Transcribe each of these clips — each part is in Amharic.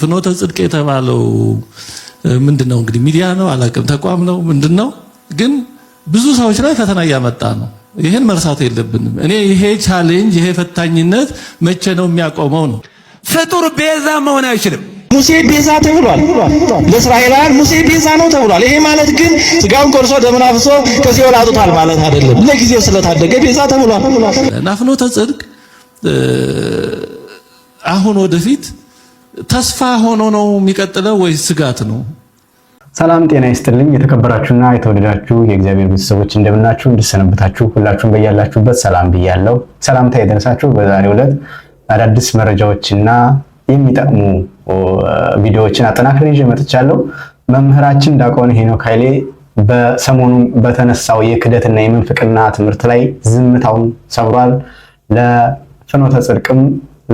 ፍኖተ ጽድቅ የተባለው ምንድን ነው እንግዲህ ሚዲያ ነው አላቅም፣ ተቋም ነው ምንድን ነው ግን ብዙ ሰዎች ላይ ፈተና እያመጣ ነው። ይህን መርሳት የለብንም። እኔ ይሄ ቻሌንጅ ይሄ ፈታኝነት መቼ ነው የሚያቆመው ነው። ፍጡር ቤዛ መሆን አይችልም። ሙሴ ቤዛ ተብሏል። ለእስራኤላውያን ሙሴ ቤዛ ነው ተብሏል። ይሄ ማለት ግን ስጋውን ቆርሶ ደሙን አፍሶ ከሲኦል አውጥቷል ማለት አይደለም። ለጊዜው ስለታደገ ቤዛ ተብሏል እና ፍኖተ ጽድቅ አሁን ወደፊት ተስፋ ሆኖ ነው የሚቀጥለው ወይ ስጋት ነው? ሰላም ጤና ይስጥልኝ። የተከበራችሁና የተወደዳችሁ የእግዚአብሔር ቤተሰቦች እንደምናችሁ፣ እንድሰነብታችሁ ሁላችሁም በያላችሁበት ሰላም ብያለሁ። ሰላምታ የደረሳችሁ። በዛሬው ዕለት አዳዲስ መረጃዎችና የሚጠቅሙ ቪዲዮዎችን አጠናክሬ ይዤ መጥቻለሁ። መምህራችን እንዳቆን ሄኖክ ኃይሌ በሰሞኑ በተነሳው የክደትና የምንፍቅና ትምህርት ላይ ዝምታውን ሰብሯል። ለፍኖተ ጽድቅም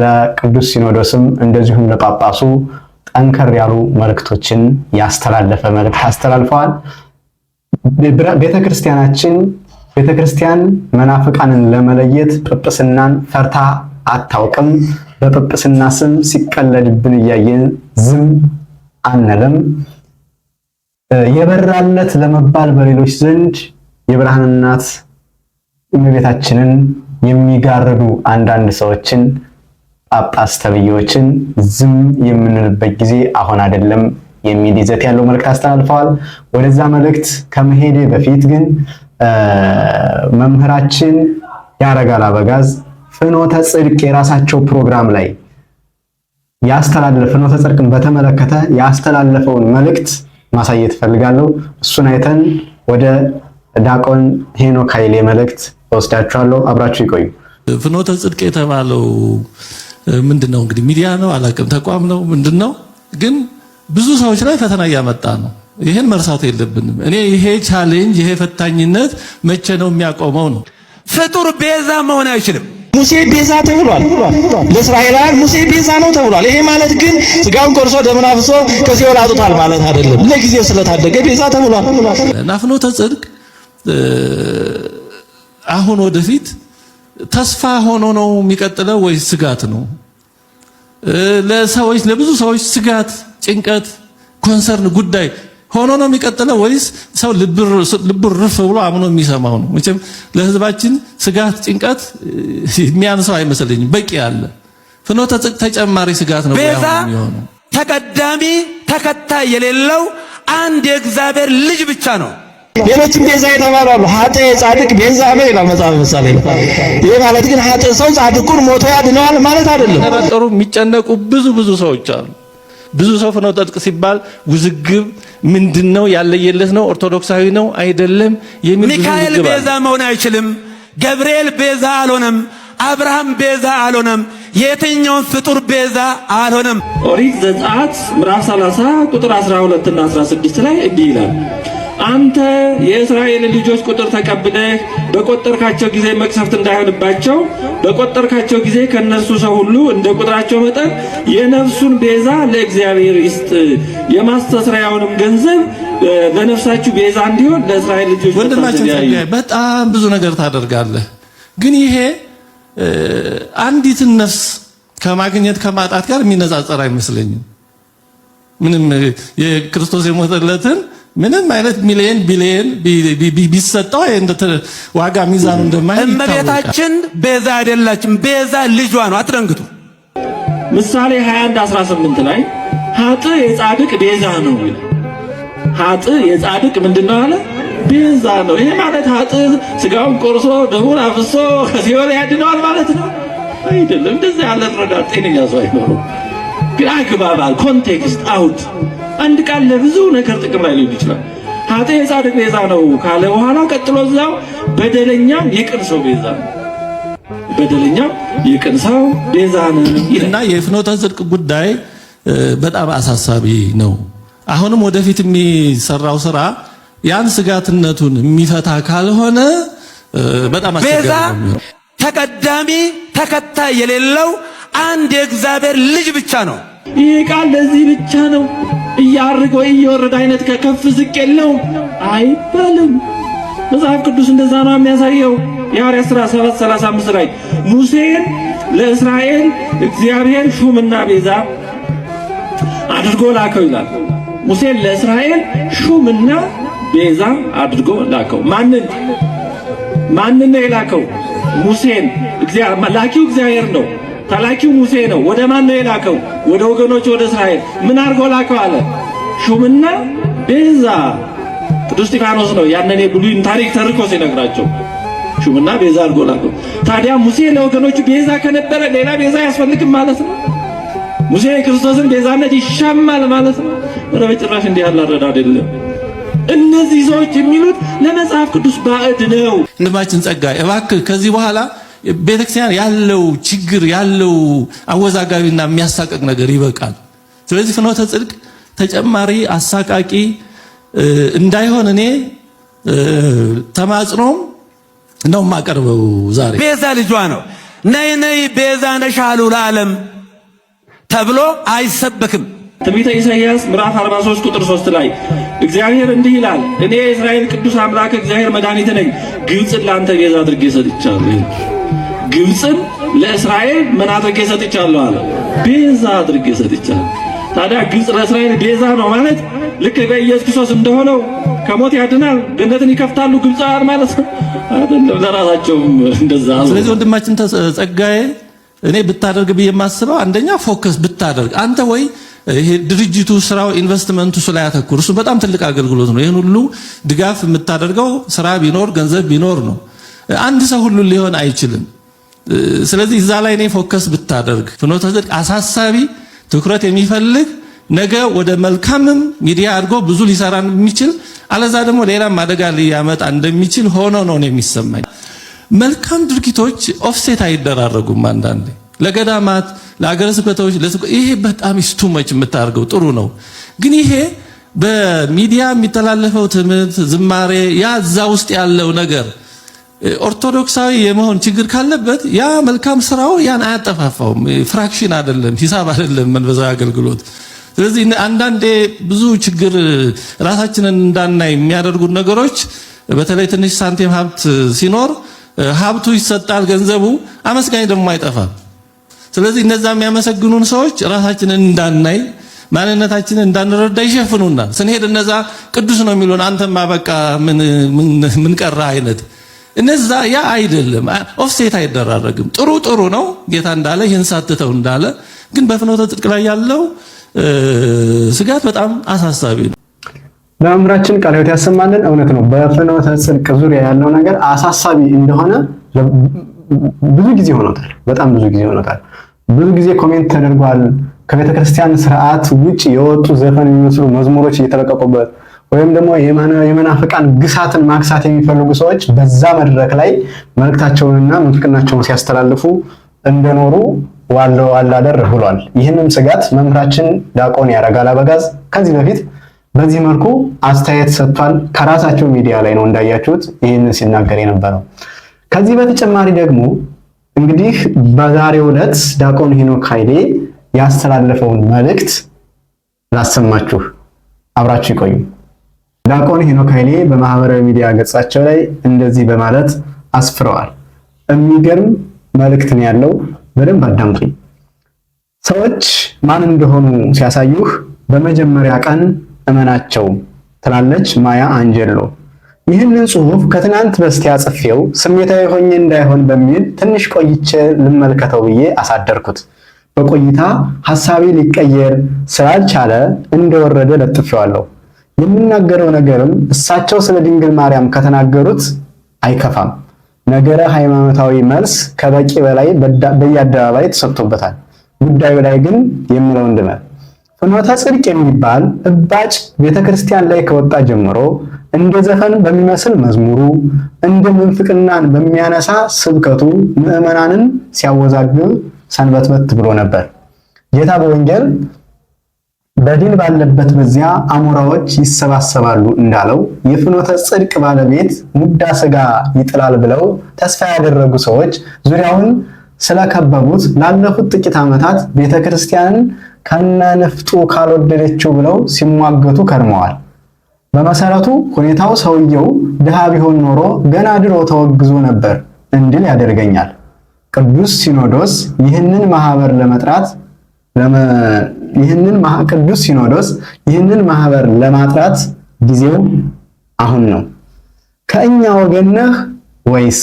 ለቅዱስ ሲኖዶስም እንደዚሁም ለጳጳሱ ጠንከር ያሉ መልእክቶችን ያስተላለፈ መልእክት አስተላልፈዋል። ቤተክርስቲያናችን ቤተክርስቲያን መናፍቃንን ለመለየት ጵጵስናን ፈርታ አታውቅም። በጵጵስና ስም ሲቀለድብን እያየን ዝም አንልም። የበራለት ለመባል በሌሎች ዘንድ የብርሃን እናት እመቤታችንን የሚጋርዱ አንዳንድ ሰዎችን ጳጳስ ተብዬዎችን ዝም የምንልበት ጊዜ አሁን አይደለም የሚል ይዘት ያለው መልእክት አስተላልፈዋል። ወደዛ መልእክት ከመሄዴ በፊት ግን መምህራችን ያረጋል አበጋዝ ፍኖተ ጽድቅ የራሳቸው ፕሮግራም ላይ ያስተላለፈ ፍኖተ ጽድቅን በተመለከተ ያስተላለፈውን መልእክት ማሳየት ፈልጋለሁ። እሱን አይተን ወደ ዳቆን ሄኖክ ኃይሌ መልእክት ወስዳችኋለሁ። አብራችሁ ይቆዩ። ፍኖተ ጽድቅ የተባለው ምንድን ነው እንግዲህ ሚዲያ ነው አላውቅም፣ ተቋም ነው ምንድን ነው ግን ብዙ ሰዎች ላይ ፈተና እያመጣ ነው። ይህን መርሳት የለብንም። እኔ ይሄ ቻሌንጅ ይሄ ፈታኝነት መቼ ነው የሚያቆመው ነው። ፍጡር ቤዛ መሆን አይችልም። ሙሴ ቤዛ ተብሏል። ለእስራኤላውያን ሙሴ ቤዛ ነው ተብሏል። ይሄ ማለት ግን ስጋውን ቆርሶ ደሙን አፍሶ ከሲኦል አውጥቷል ማለት አይደለም። ለጊዜው ስለታደገ ቤዛ ተብሏል። ናፍኖተ ጽድቅ አሁን ወደፊት ተስፋ ሆኖ ነው የሚቀጥለው ወይስ ስጋት ነው? ለሰዎች ለብዙ ሰዎች ስጋት፣ ጭንቀት፣ ኮንሰርን ጉዳይ ሆኖ ነው የሚቀጥለው ወይስ ሰው ልብ ርፍ ብሎ አምኖ የሚሰማው ነው? መቼም ለህዝባችን ስጋት፣ ጭንቀት የሚያንሰው አይመስለኝም። በቂ አለ። ፍኖ ተጨማሪ ስጋት ነው ቤዛ ተቀዳሚ ተከታይ የሌለው አንድ የእግዚአብሔር ልጅ ብቻ ነው። ሌሎችም ቤዛ የተባሉ አሉ። ሀጠ ጻድቅ ቤዛ ነው ይላል መጽሐፍ ምሳሌ። ይህ ማለት ግን ሀጠ ሰው ጻድቁን ሞቶ ያድነዋል ማለት አይደለም። ተፈጠሩ የሚጨነቁ ብዙ ብዙ ሰዎች አሉ። ብዙ ሰው ፍኖተ ጽድቅ ሲባል ውዝግብ ምንድን ነው ያለየለት ነው ኦርቶዶክሳዊ ነው አይደለም የሚል ሚካኤል ቤዛ መሆን አይችልም። ገብርኤል ቤዛ አልሆነም። አብርሃም ቤዛ አልሆነም። የትኛውን ፍጡር ቤዛ አልሆነም። ኦሪት ዘጸአት ምዕራፍ 30 ቁጥር 12 እና 16 ላይ እንዲህ ይላል አንተ የእስራኤል ልጆች ቁጥር ተቀብለህ በቆጠርካቸው ጊዜ መቅሰፍት እንዳይሆንባቸው በቆጠርካቸው ጊዜ ከነሱ ሰው ሁሉ እንደ ቁጥራቸው መጠን የነፍሱን ቤዛ ለእግዚአብሔር ይስጥ፣ የማስተስሪያውንም ገንዘብ ለነፍሳችሁ ቤዛ እንዲሆን ለእስራኤል ልጆች ወንድማችን በጣም ብዙ ነገር ታደርጋለህ። ግን ይሄ አንዲትን ነፍስ ከማግኘት ከማጣት ጋር የሚነጻጸር አይመስለኝም። ምንም የክርስቶስ የሞተለትን ምንም አይነት ሚሊየን ቢሊየን ቢሰጠው ዋጋ ሚዛኑ እንደማይ እመቤታችን ቤዛ አይደላችም። ቤዛ ልጇ ነው። አትደንግጡ። ምሳሌ 21 18 ላይ ሀጥ የጻድቅ ቤዛ ነው ሀጥ የጻድቅ ምንድነው አለ ቤዛ ነው። ይሄ ማለት ሀጥ ስጋውን ቆርሶ ደሙን አፍሶ ከሲኦል ያድነዋል ማለት ነው አይደለም። እንደዚህ ያለ ረዳት ጤነኛ ሰው አይኖርም። ግን አግባባል ኮንቴክስት አውት አንድ ቃል ለብዙ ነገር ጥቅም ላይ ሊሆን ይችላል። ኃጤ የጻድቅ ቤዛ ነው ካለ በኋላ ቀጥሎ እዛው በደለኛ የቅን ሰው ቤዛ ነው በደለኛ የቅን ሰው ቤዛ ነው እና የፍኖተ ጽድቅ ጉዳይ በጣም አሳሳቢ ነው። አሁንም ወደፊት የሚሰራው ስራ ያን ስጋትነቱን የሚፈታ ካልሆነ በጣም ቤዛ ተቀዳሚ ተከታይ የሌለው አንድ የእግዚአብሔር ልጅ ብቻ ነው። ይህ ቃል ለዚህ ብቻ ነው። እያርግ ወይ እየወረደ አይነት ከከፍ ዝቅ የለው አይባልም። መጽሐፍ ቅዱስ እንደዛ ነው የሚያሳየው። የሐዋርያት ሥራ 7 35 ላይ ሙሴን ለእስራኤል እግዚአብሔር ሹምና ቤዛ አድርጎ ላከው ይላል። ሙሴን ለእስራኤል ሹምና ቤዛ አድርጎ ላከው። ማንን ማንን ነው የላከው? ሙሴን። ላኪው እግዚአብሔር ነው። ተላኪው ሙሴ ነው። ወደ ማን ነው የላከው? ወደ ወገኖች ወደ እስራኤል። ምን አድርጎ ላከው አለ? ሹምና ቤዛ። ቅዱስ እስጢፋኖስ ነው ያንን የብሉይን ታሪክ ተርኮ ሲነግራቸው ሹምና ቤዛ አድርጎ ላከው። ታዲያ ሙሴ ለወገኖቹ ቤዛ ከነበረ ሌላ ቤዛ አያስፈልግም ማለት ነው። ሙሴ የክርስቶስን ቤዛነት ይሻማል ማለት ነው። ኧረ በጭራሽ እንዲህ ያለ አይደለም። እነዚህ ሰዎች የሚሉት ለመጽሐፍ ቅዱስ ባዕድ ነው። ወንድማችን ጸጋ እባክህ ከዚህ በኋላ ቤተክርስቲያን ያለው ችግር ያለው አወዛጋቢና የሚያሳቀቅ ነገር ይበቃል። ስለዚህ ፍኖተ ጽድቅ ተጨማሪ አሳቃቂ እንዳይሆን እኔ ተማጽኖም ነው የማቀርበው። ዛሬ ቤዛ ልጇ ነው። ነይ ነይ ቤዛ ነሻሉ ለዓለም ተብሎ አይሰበክም። ትንቢተ ኢሳይያስ ምዕራፍ 43 ቁጥር 3 ላይ እግዚአብሔር እንዲህ ይላል፣ እኔ የእስራኤል ቅዱስ አምላክ እግዚአብሔር መድኃኒት ነኝ፣ ግብፅን ለአንተ ቤዛ አድርጌ ሰጥቻለሁ። ግብፅን ለእስራኤል ምን አድርጌ ሰጥቻለሁ አለ፣ ቤዛ አድርጌ ሰጥቻለሁ። ታዲያ ግብፅ ለእስራኤል ቤዛ ነው ማለት ልክ በኢየሱስ ክርስቶስ እንደሆነው ከሞት ያድናል፣ ገነትን ይከፍታሉ ግብፃውያን ማለት ነው አይደለም። ለራሳቸውም እንደዛ አሉ። ስለዚህ ወንድማችን ጸጋዬ እኔ ብታደርግ ብዬ የማስበው አንደኛ ፎከስ ብታደርግ አንተ ወይ ይሄ ድርጅቱ ስራው ኢንቨስትመንቱ ላይ ያተኩር። እሱ በጣም ትልቅ አገልግሎት ነው። ይህን ሁሉ ድጋፍ የምታደርገው ስራ ቢኖር ገንዘብ ቢኖር ነው። አንድ ሰው ሁሉ ሊሆን አይችልም። ስለዚህ እዛ ላይ እኔ ፎከስ ብታደርግ ፍኖተ ጽድቅ አሳሳቢ ትኩረት የሚፈልግ ነገ ወደ መልካምም ሚዲያ አድርጎ ብዙ ሊሰራ የሚችል አለዛ ደግሞ ሌላም አደጋ ሊያመጣ እንደሚችል ሆኖ ነው የሚሰማኝ። መልካም ድርጊቶች ኦፍሴት አይደራረጉም። አንዳንዴ ለገዳማት፣ ለአገረ ስብከቶች ይሄ በጣም ስቱመች የምታደርገው ጥሩ ነው፣ ግን ይሄ በሚዲያ የሚተላለፈው ትምህርት፣ ዝማሬ ያ እዛ ውስጥ ያለው ነገር ኦርቶዶክሳዊ የመሆን ችግር ካለበት ያ መልካም ስራው ያን አያጠፋፋውም። ፍራክሽን አይደለም፣ ሂሳብ አይደለም መንፈሳዊ አገልግሎት። ስለዚህ አንዳንዴ ብዙ ችግር ራሳችንን እንዳናይ የሚያደርጉን ነገሮች፣ በተለይ ትንሽ ሳንቲም ሀብት ሲኖር ሀብቱ ይሰጣል፣ ገንዘቡ አመስጋኝ ደግሞ አይጠፋም። ስለዚህ እነዛ የሚያመሰግኑን ሰዎች ራሳችንን እንዳናይ ማንነታችንን እንዳንረዳ ይሸፍኑናል። ስንሄድ እነዛ ቅዱስ ነው የሚሉን አንተማ በቃ ምን ቀራ አይነት እነዛ ያ አይደለም፣ ኦፍሴት አይደራረግም። ጥሩ ጥሩ ነው ጌታ እንዳለ ይህን ሳትተው እንዳለ፣ ግን በፍኖተ ጽድቅ ላይ ያለው ስጋት በጣም አሳሳቢ ነው። በመምህራችን ቃለ ሕይወት ያሰማልን። እውነት ነው፣ በፍኖተ ጽድቅ ዙሪያ ያለው ነገር አሳሳቢ እንደሆነ ብዙ ጊዜ ሆኖታል። በጣም ብዙ ጊዜ ሆኖታል። ብዙ ጊዜ ኮሜንት ተደርጓል። ከቤተክርስቲያን ስርዓት ውጭ የወጡ ዘፈን የሚመስሉ መዝሙሮች እየተለቀቁበት ወይም ደግሞ የመናፍቃን ግሳትን ማግሳት የሚፈልጉ ሰዎች በዛ መድረክ ላይ መልእክታቸውንና ምንፍቅናቸውን ሲያስተላልፉ እንደኖሩ ዋለው አላደር ብሏል። ይህንም ስጋት መምህራችን ዲያቆን ያረጋል አበጋዝ ከዚህ በፊት በዚህ መልኩ አስተያየት ሰጥቷል። ከራሳቸው ሚዲያ ላይ ነው እንዳያችሁት ይህንን ሲናገር የነበረው። ከዚህ በተጨማሪ ደግሞ እንግዲህ በዛሬው ዕለት ዲያቆን ሄኖክ ኃይሌ ያስተላለፈውን መልእክት ላሰማችሁ፣ አብራችሁ ይቆዩ። ዲያቆን ሄኖክ ኃይሌ በማህበራዊ ሚዲያ ገጻቸው ላይ እንደዚህ በማለት አስፍረዋል። የሚገርም መልእክት ነው ያለው። በደንብ አዳምጡኝ። ሰዎች ማን እንደሆኑ ሲያሳዩህ በመጀመሪያ ቀን እመናቸው ትላለች ማያ አንጀሎ። ይህንን ጽሑፍ ከትናንት በስቲያ ጽፌው ስሜታዊ ሆኜ እንዳይሆን በሚል ትንሽ ቆይቼ ልመልከተው ብዬ አሳደርኩት። በቆይታ ሐሳቤ ሊቀየር ስላልቻለ እንደወረደ ለጥፌዋለሁ። የምናገረው ነገርም እሳቸው ስለ ድንግል ማርያም ከተናገሩት አይከፋም። ነገረ ሃይማኖታዊ መልስ ከበቂ በላይ በየአደባባይ ተሰጥቶበታል። ጉዳዩ ላይ ግን የምለው እንድመር ፍኖተ ጽድቅ የሚባል እባጭ ቤተክርስቲያን ላይ ከወጣ ጀምሮ እንደ ዘፈን በሚመስል መዝሙሩ እንደ ምንፍቅናን በሚያነሳ ስብከቱ ምዕመናንን ሲያወዛግብ ሰንበትበት ብሎ ነበር ጌታ በወንጌል በድን ባለበት በዚያ አሞራዎች ይሰባሰባሉ እንዳለው የፍኖተ ጽድቅ ባለቤት ሙዳ ስጋ ይጥላል ብለው ተስፋ ያደረጉ ሰዎች ዙሪያውን ስለከበቡት ላለፉት ጥቂት ዓመታት ቤተ ክርስቲያንን ከነንፍጡ ካልወደደችው ብለው ሲሟገቱ ከርመዋል። በመሰረቱ ሁኔታው ሰውየው ድሃ ቢሆን ኖሮ ገና ድሮ ተወግዞ ነበር እንድል ያደርገኛል። ቅዱስ ሲኖዶስ ይህንን ማህበር ለመጥራት ይህንን ቅዱስ ሲኖዶስ ይህንን ማህበር ለማጥራት ጊዜው አሁን ነው። ከእኛ ወገን ነህ ወይስ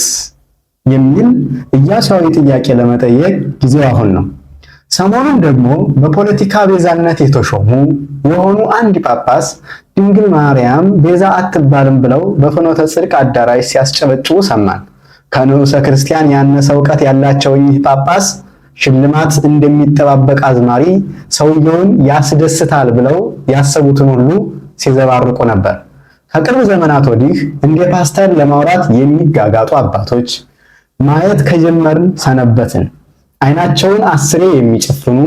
የሚል ኢያሱዊ ጥያቄ ለመጠየቅ ጊዜው አሁን ነው። ሰሞኑን ደግሞ በፖለቲካ ቤዛነት የተሾሙ የሆኑ አንድ ጳጳስ ድንግል ማርያም ቤዛ አትባልም ብለው በፍኖተ ጽድቅ አዳራሽ ሲያስጨበጭቡ ሰማን። ከንዑሰ ክርስቲያን ያነሰ እውቀት ያላቸው እኚህ ጳጳስ ሽልማት እንደሚጠባበቅ አዝማሪ ሰውየውን ያስደስታል ብለው ያሰቡትን ሁሉ ሲዘባርቁ ነበር። ከቅርብ ዘመናት ወዲህ እንደ ፓስተር ለማውራት የሚጋጋጡ አባቶች ማየት ከጀመርን ሰነበትን። አይናቸውን አስሬ የሚጨፍኑ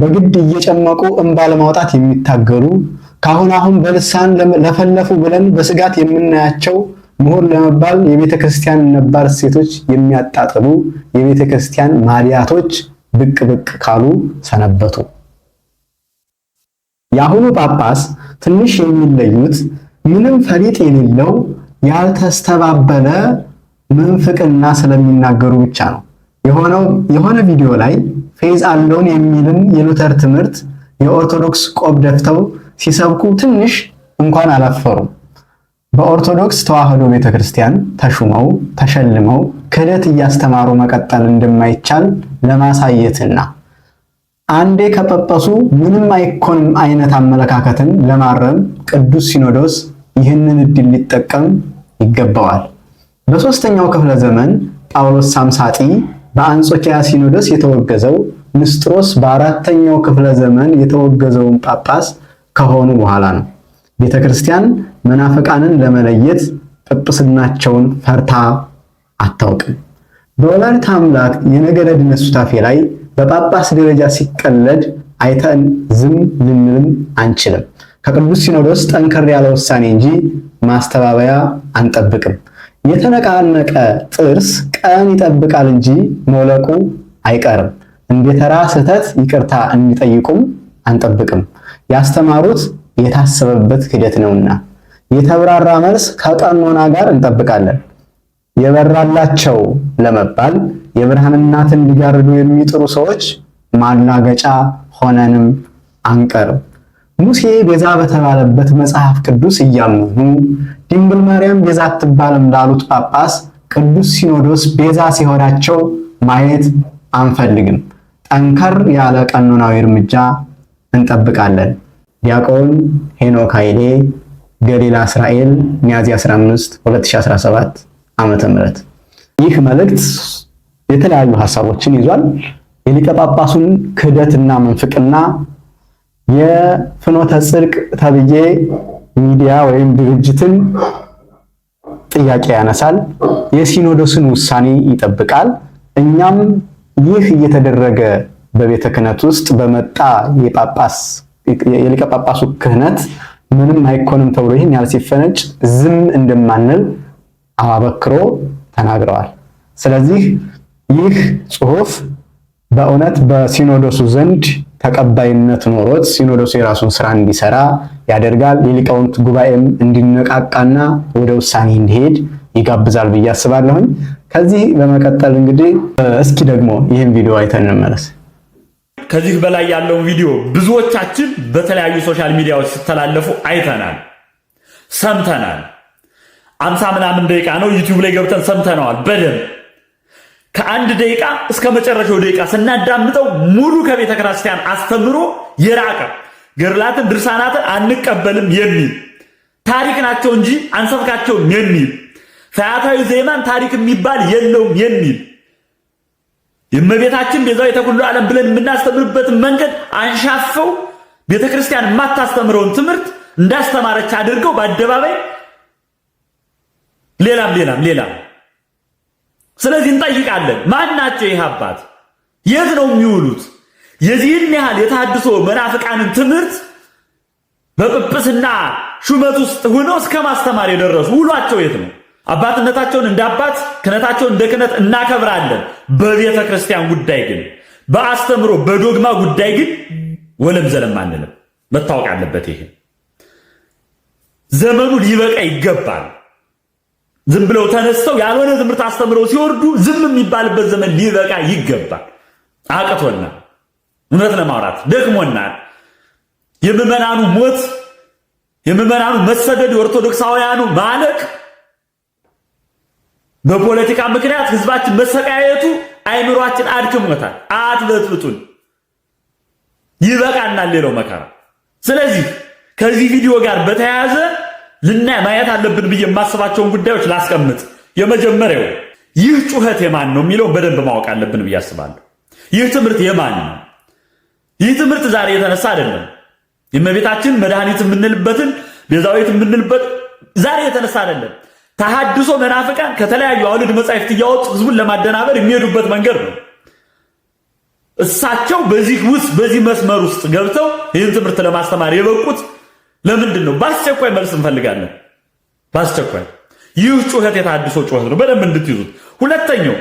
በግድ እየጨመቁ እንባ ለማውጣት የሚታገሉ ካሁን አሁን በልሳን ለፈለፉ ብለን በስጋት የምናያቸው ምሁር ለመባል የቤተ ክርስቲያን ነባር እሴቶች የሚያጣጥሉ የቤተ ክርስቲያን ማዲያቶች ብቅ ብቅ ካሉ ሰነበቱ። የአሁኑ ጳጳስ ትንሽ የሚለዩት ምንም ፈሊጥ የሌለው ያልተስተባበለ ምንፍቅና ስለሚናገሩ ብቻ ነው። የሆነው የሆነ ቪዲዮ ላይ ፌዝ አለውን የሚልን የሉተር ትምህርት የኦርቶዶክስ ቆብ ደፍተው ሲሰብኩ ትንሽ እንኳን አላፈሩም። በኦርቶዶክስ ተዋሕዶ ቤተ ክርስቲያን ተሹመው ተሸልመው ክህደት እያስተማሩ መቀጠል እንደማይቻል ለማሳየትና አንዴ ከጳጳሱ ምንም አይኮንም አይነት አመለካከትን ለማረም ቅዱስ ሲኖዶስ ይህንን እድል ሊጠቀም ይገባዋል። በሦስተኛው ክፍለ ዘመን ጳውሎስ ሳምሳጢ በአንጾኪያ ሲኖዶስ የተወገዘው ንስጥሮስ በአራተኛው ክፍለ ዘመን የተወገዘውን ጳጳስ ከሆኑ በኋላ ነው። ቤተ ክርስቲያን መናፍቃንን ለመለየት ጵጵስናቸውን ፈርታ አታውቅም። በወላዲተ አምላክ የነገረ ድነት ሱታፌ ላይ በጳጳስ ደረጃ ሲቀለድ አይተን ዝም ልንልም አንችልም። ከቅዱስ ሲኖዶስ ጠንከር ያለ ውሳኔ እንጂ ማስተባበያ አንጠብቅም። የተነቃነቀ ጥርስ ቀን ይጠብቃል እንጂ መውለቁ አይቀርም። እንደ ተራ ስህተት ይቅርታ እንዲጠይቁም አንጠብቅም። ያስተማሩት የታሰበበት ሂደት ነውና የተብራራ መልስ ከቀኖና ጋር እንጠብቃለን። የበራላቸው ለመባል የብርሃን እናትን ሊጋርዱ የሚጥሩ ሰዎች ማላገጫ ሆነንም አንቀርም። ሙሴ ቤዛ በተባለበት መጽሐፍ ቅዱስ እያመኑ ድንግል ማርያም ቤዛ አትባልም ላሉት ጳጳስ ቅዱስ ሲኖዶስ ቤዛ ሲሆናቸው ማየት አንፈልግም። ጠንከር ያለ ቀኖናዊ እርምጃ እንጠብቃለን። ዲያቆን ሄኖክ ኃይሌ ገሊላ እስራኤል ሚያዝያ 15 2017 ዓመተ ምህረት። ይህ መልእክት የተለያዩ ሀሳቦችን ይዟል። የሊቀ ጳጳሱን ክህደትና መንፍቅና የፍኖተ ጽድቅ ተብዬ ሚዲያ ወይም ድርጅትን ጥያቄ ያነሳል። የሲኖዶስን ውሳኔ ይጠብቃል። እኛም ይህ እየተደረገ በቤተ ክህነት ውስጥ በመጣ የጳጳስ የሊቀ ጳጳሱ ክህነት ምንም አይኮንም ተብሎ ይህን ያህል ሲፈነጭ ዝም እንደማንል አበክሮ ተናግረዋል። ስለዚህ ይህ ጽሁፍ በእውነት በሲኖዶሱ ዘንድ ተቀባይነት ኖሮት ሲኖዶሱ የራሱን ስራ እንዲሰራ ያደርጋል። የሊቃውንት ጉባኤም እንዲነቃቃና ወደ ውሳኔ እንዲሄድ ይጋብዛል ብዬ አስባለሁኝ። ከዚህ በመቀጠል እንግዲህ እስኪ ደግሞ ይህን ቪዲዮ አይተን እንመለስ። ከዚህ በላይ ያለውን ቪዲዮ ብዙዎቻችን በተለያዩ ሶሻል ሚዲያዎች ሲተላለፉ አይተናል፣ ሰምተናል። አምሳ ምናምን ደቂቃ ነው ዩቲዩብ ላይ ገብተን ሰምተነዋል በደንብ ከአንድ ደቂቃ እስከ መጨረሻው ደቂቃ ስናዳምጠው ሙሉ ከቤተ ክርስቲያን አስተምሮ የራቀ ገድላትን ድርሳናትን አንቀበልም የሚል ታሪክ ናቸው እንጂ አንሰብካቸውም የሚል ፈያታዊ ዜማን ታሪክ የሚባል የለውም የሚል የእመቤታችን ቤዛዊተ ኩሉ ዓለም ብለን የምናስተምርበትን መንገድ አንሻፈው ቤተ ክርስቲያን የማታስተምረውን ትምህርት እንዳስተማረች አድርገው በአደባባይ ሌላም ሌላም ሌላም። ስለዚህ እንጠይቃለን፣ ማን ናቸው ይህ አባት? የት ነው የሚውሉት? የዚህን ያህል የተሐድሶ መናፍቃንን ትምህርት በጵጵስና ሹመት ውስጥ ሆነው እስከ ማስተማር የደረሱ ውሏቸው የት ነው? አባትነታቸውን እንደ አባት ክህነታቸውን እንደ ክህነት እናከብራለን። በቤተ ክርስቲያን ጉዳይ ግን በአስተምሮ በዶግማ ጉዳይ ግን ወለም ዘለም አንልም። መታወቅ አለበት ይሄ ዘመኑ ሊበቃ ይገባል። ዝም ብለው ተነስተው ያልሆነ ትምህርት አስተምረው ሲወርዱ ዝም የሚባልበት ዘመን ሊበቃ ይገባል። አቅቶናል። እውነት ለማውራት ደክሞናል። የምዕመናኑ ሞት፣ የምዕመናኑ መሰደድ፣ የኦርቶዶክሳውያኑ ማለቅ በፖለቲካ ምክንያት ህዝባችን መሰቃየቱ አይምሯችን አድክሞታል። አትበትብቱን፣ ይበቃናል ሌላው መከራ። ስለዚህ ከዚህ ቪዲዮ ጋር በተያያዘ ልናይ ማየት አለብን ብዬ የማስባቸውን ጉዳዮች ላስቀምጥ። የመጀመሪያው ይህ ጩኸት የማን ነው የሚለውን በደንብ ማወቅ አለብን ብዬ አስባለሁ። ይህ ትምህርት የማን ነው? ይህ ትምህርት ዛሬ የተነሳ አይደለም። የእመቤታችን መድኃኒት የምንልበትን ቤዛዊት የምንልበት ዛሬ የተነሳ አይደለም። ተሃድሶ መናፍቃን ከተለያዩ አውልድ መጻሕፍት እያወጡ ህዝቡን ለማደናበር የሚሄዱበት መንገድ ነው። እሳቸው በዚህ ውስጥ በዚህ መስመር ውስጥ ገብተው ይህን ትምህርት ለማስተማር የበቁት ለምንድን ነው? በአስቸኳይ መልስ እንፈልጋለን። በአስቸኳይ ይህ ጩኸት የታድሶ ጩኸት ነው፣ በደንብ እንድትይዙት። ሁለተኛው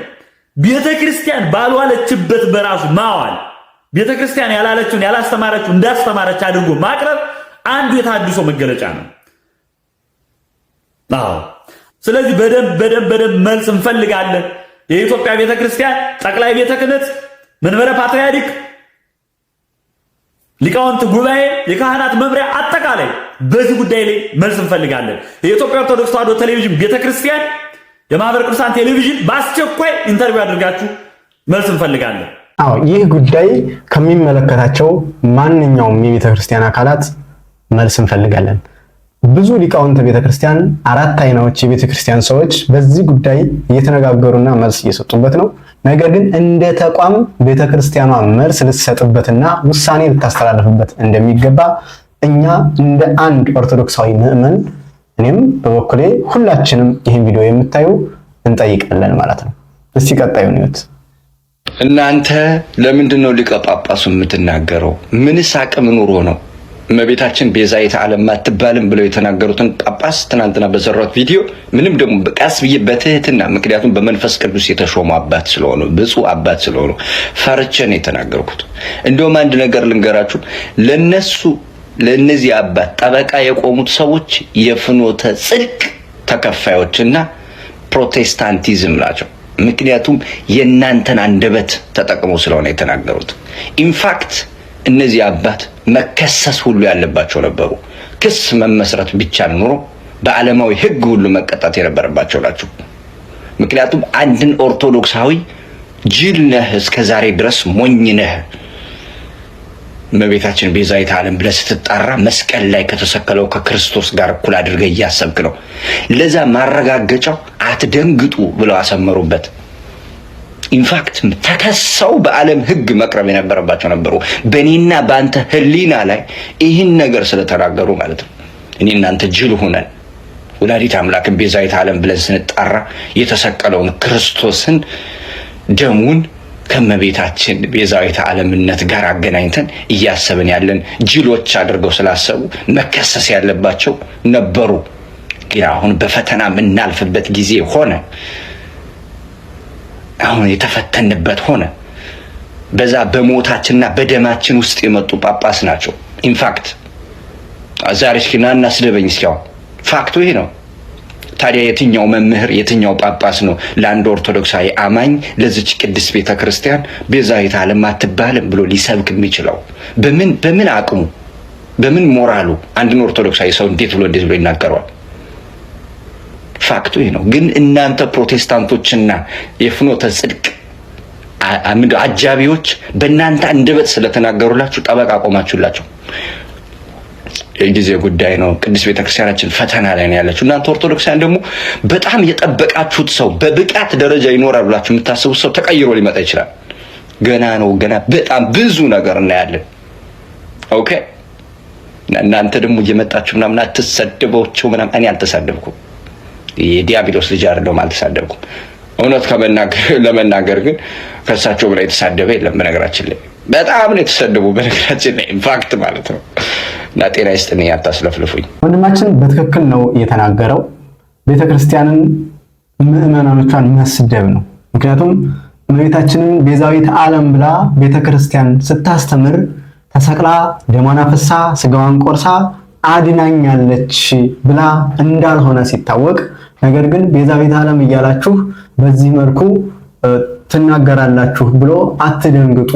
ቤተ ክርስቲያን ባልዋለችበት በራሱ ማዋል፣ ቤተ ክርስቲያን ያላለችውን ያላስተማረችው እንዳስተማረች አድርጎ ማቅረብ አንዱ የተሐድሶ መገለጫ ነው። አዎ ስለዚህ በደንብ በደንብ በደንብ መልስ እንፈልጋለን። የኢትዮጵያ ቤተ ክርስቲያን ጠቅላይ ቤተ ክህነት፣ መንበረ ፓትርያርክ፣ ሊቃውንት ጉባኤ፣ የካህናት መምሪያ አጠቃላይ በዚህ ጉዳይ ላይ መልስ እንፈልጋለን። የኢትዮጵያ ኦርቶዶክስ ተዋሕዶ ቴሌቪዥን ቤተ ክርስቲያን፣ የማህበረ ቅዱሳን ቴሌቪዥን በአስቸኳይ ኢንተርቪው አድርጋችሁ መልስ እንፈልጋለን። አዎ ይህ ጉዳይ ከሚመለከታቸው ማንኛውም የቤተ ክርስቲያን አካላት መልስ እንፈልጋለን። ብዙ ሊቃውንተ ቤተክርስቲያን አራት አይናዎች የቤተክርስቲያን ሰዎች በዚህ ጉዳይ እየተነጋገሩና መልስ እየሰጡበት ነው። ነገር ግን እንደ ተቋም ቤተክርስቲያኗ መልስ ልትሰጥበትና ውሳኔ ልታስተላልፍበት እንደሚገባ እኛ እንደ አንድ ኦርቶዶክሳዊ ምዕመን እኔም በበኩሌ ሁላችንም ይህን ቪዲዮ የምታዩ እንጠይቃለን ማለት ነው። እስቲ ቀጣዩን ይዩት። እናንተ ለምንድን ነው ሊቀ ጳጳሱ የምትናገረው? ምንስ አቅም ኑሮ ነው? እመቤታችን ቤዛዊተ ዓለም አትባልም ብለው የተናገሩትን ጳጳስ ትናንትና በሰራት ቪዲዮ ምንም ደግሞ ቀስ ብዬ በትህትና ምክንያቱም በመንፈስ ቅዱስ የተሾሙ አባት ስለሆኑ ብፁዕ አባት ስለሆኑ ፈርቸን የተናገርኩት። እንደውም አንድ ነገር ልንገራችሁ። ለነሱ ለእነዚህ አባት ጠበቃ የቆሙት ሰዎች የፍኖተ ጽድቅ ተከፋዮችና ፕሮቴስታንቲዝም ናቸው። ምክንያቱም የእናንተን አንደበት ተጠቅሞ ስለሆነ የተናገሩት ኢንፋክት እነዚህ አባት መከሰስ ሁሉ ያለባቸው ነበሩ። ክስ መመስረት ብቻ ኑሮ በዓለማዊ ሕግ ሁሉ መቀጣት የነበረባቸው ናቸው። ምክንያቱም አንድን ኦርቶዶክሳዊ ጅል ነህ፣ እስከ ዛሬ ድረስ ሞኝ ነህ፣ እመቤታችን ቤዛዊተ ዓለም ብለህ ስትጣራ መስቀል ላይ ከተሰቀለው ከክርስቶስ ጋር እኩል አድርገህ እያሰብክ ነው። ለዛ ማረጋገጫው አትደንግጡ ብለው አሰመሩበት። ኢንፋክት ተከሰው በዓለም ህግ መቅረብ የነበረባቸው ነበሩ። በእኔና በአንተ ህሊና ላይ ይህን ነገር ስለተናገሩ ማለት ነው። እኔ እናንተ ጅል ሆነን ወላዲት አምላክን ቤዛዊተ ዓለም ብለን ስንጠራ የተሰቀለውን ክርስቶስን ደሙን ከመቤታችን ቤዛዊተ ዓለምነት ጋር አገናኝተን እያሰብን ያለን ጅሎች አድርገው ስላሰቡ መከሰስ ያለባቸው ነበሩ። ግን አሁን በፈተና የምናልፍበት ጊዜ ሆነ። አሁን የተፈተንበት ሆነ። በዛ በሞታችንና በደማችን ውስጥ የመጡ ጳጳስ ናቸው። ኢንፋክት ዛሬ እስኪ ና እናስደበኝ እስኪያው ፋክቱ ይሄ ነው። ታዲያ የትኛው መምህር የትኛው ጳጳስ ነው ለአንድ ኦርቶዶክሳዊ አማኝ ለዚች ቅድስት ቤተ ክርስቲያን ቤዛዊተ ዓለም አትባልም ብሎ ሊሰብክ የሚችለው በምን በምን አቅሙ በምን ሞራሉ አንድን ኦርቶዶክሳዊ ሰው እንዴት ብሎ እንዴት ብሎ ይናገረዋል? ፋክቱ ይህ ነው። ግን እናንተ ፕሮቴስታንቶችና የፍኖተ ጽድቅ አጃቢዎች በእናንተ አንደበት ስለተናገሩላችሁ ጠበቃ ቆማችሁላቸው። የጊዜ ጉዳይ ነው። ቅድስት ቤተክርስቲያናችን ፈተና ላይ ነው ያለችው። እናንተ ኦርቶዶክሳውያን ደግሞ በጣም የጠበቃችሁት ሰው በብቃት ደረጃ ይኖራል ብላችሁ የምታስቡት ሰው ተቀይሮ ሊመጣ ይችላል። ገና ነው። ገና በጣም ብዙ ነገር እናያለን። ኦኬ እናንተ ደግሞ እየመጣችሁ ምናምን አትሰድበቸው ምናምን። እኔ አልተሳደብኩም። የዲያብሎስ ልጅ አይደለሁም፣ አልተሳደብኩም። እውነት ለመናገር ግን ከእሳቸው በላይ የተሳደበ የለም። በነገራችን ላይ በጣም ነው የተሰደቡ፣ በነገራችን ላይ ኢንፋክት ማለት ነው። እና ጤና ይስጥልኝ፣ ያታስለፍልፉኝ። ወንድማችን በትክክል ነው የተናገረው። ቤተክርስቲያንን፣ ምእመናኖቿን መስደብ ነው። ምክንያቱም እመቤታችንን ቤዛዊት ዓለም ብላ ቤተክርስቲያን ስታስተምር ተሰቅላ ደሟን አፍስሳ ስጋዋን ቆርሳ አድናኛለች ብላ እንዳልሆነ ሲታወቅ፣ ነገር ግን ቤዛ ቤት ዓለም እያላችሁ በዚህ መልኩ ትናገራላችሁ ብሎ አትደንግጡ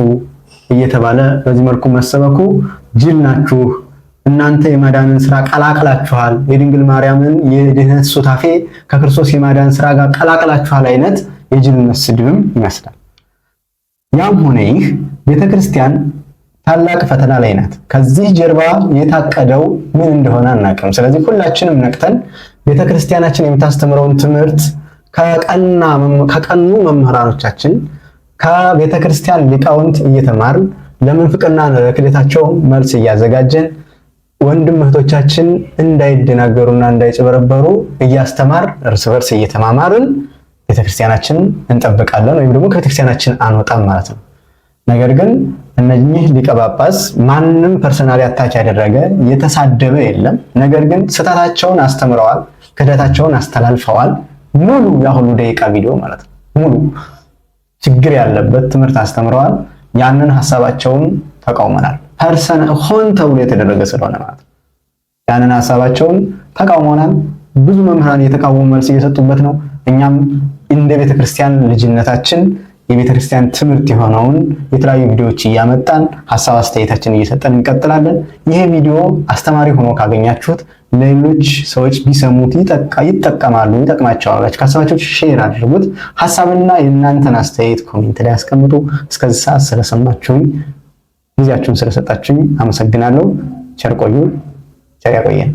እየተባለ በዚህ መልኩ መሰበኩ ጅል ናችሁ እናንተ የማዳንን ስራ ቀላቅላችኋል፣ የድንግል ማርያምን የድህነት ሱታፌ ከክርስቶስ የማዳን ስራ ጋር ቀላቅላችኋል አይነት የጅልነት ስድብም ይመስላል። ያም ሆነ ይህ ቤተክርስቲያን ታላቅ ፈተና ላይ ናት። ከዚህ ጀርባ የታቀደው ምን እንደሆነ አናቅም። ስለዚህ ሁላችንም ነቅተን ቤተክርስቲያናችን የምታስተምረውን ትምህርት ከቀኑ መምህራኖቻችን ከቤተክርስቲያን ሊቃውንት እየተማር ለምንፍቅና ለክህደታቸው መልስ እያዘጋጀን ወንድም እህቶቻችን እንዳይደናገሩና እንዳይጭበረበሩ እያስተማር እርስ በርስ እየተማማርን ቤተክርስቲያናችን እንጠብቃለን ወይም ደግሞ ከቤተክርስቲያናችን አንወጣም ማለት ነው። ነገር ግን እነኚህ ሊቀ ጳጳስ ማንም ፐርሰናል አታች ያደረገ የተሳደበ የለም። ነገር ግን ስህተታቸውን አስተምረዋል፣ ክህደታቸውን አስተላልፈዋል። ሙሉ ያሁሉ ደቂቃ ቪዲዮ ማለት ነው። ሙሉ ችግር ያለበት ትምህርት አስተምረዋል። ያንን ሀሳባቸውን ተቃውመናል። ፐርሰን ሆን ተብሎ የተደረገ ስለሆነ ማለት ነው። ያንን ሀሳባቸውን ተቃውመናል። ብዙ መምህራን የተቃወሙ መልስ እየሰጡበት ነው። እኛም እንደ ቤተክርስቲያን ልጅነታችን የቤተ ክርስቲያን ትምህርት የሆነውን የተለያዩ ቪዲዮዎች እያመጣን ሀሳብ አስተያየታችን እየሰጠን እንቀጥላለን። ይሄ ቪዲዮ አስተማሪ ሆኖ ካገኛችሁት ለሌሎች ሰዎች ቢሰሙት ይጠቀማሉ፣ ይጠቅማቸዋል ብላችሁ ካሰባችሁ ሼር አድርጉት። ሀሳብና የእናንተን አስተያየት ኮሜንት ላይ አስቀምጡ። እስከዚህ ሰዓት ስለሰማችሁኝ፣ ጊዜያችሁን ስለሰጣችሁኝ አመሰግናለሁ። ቸር ቆዩ። ቸር ያቆየን።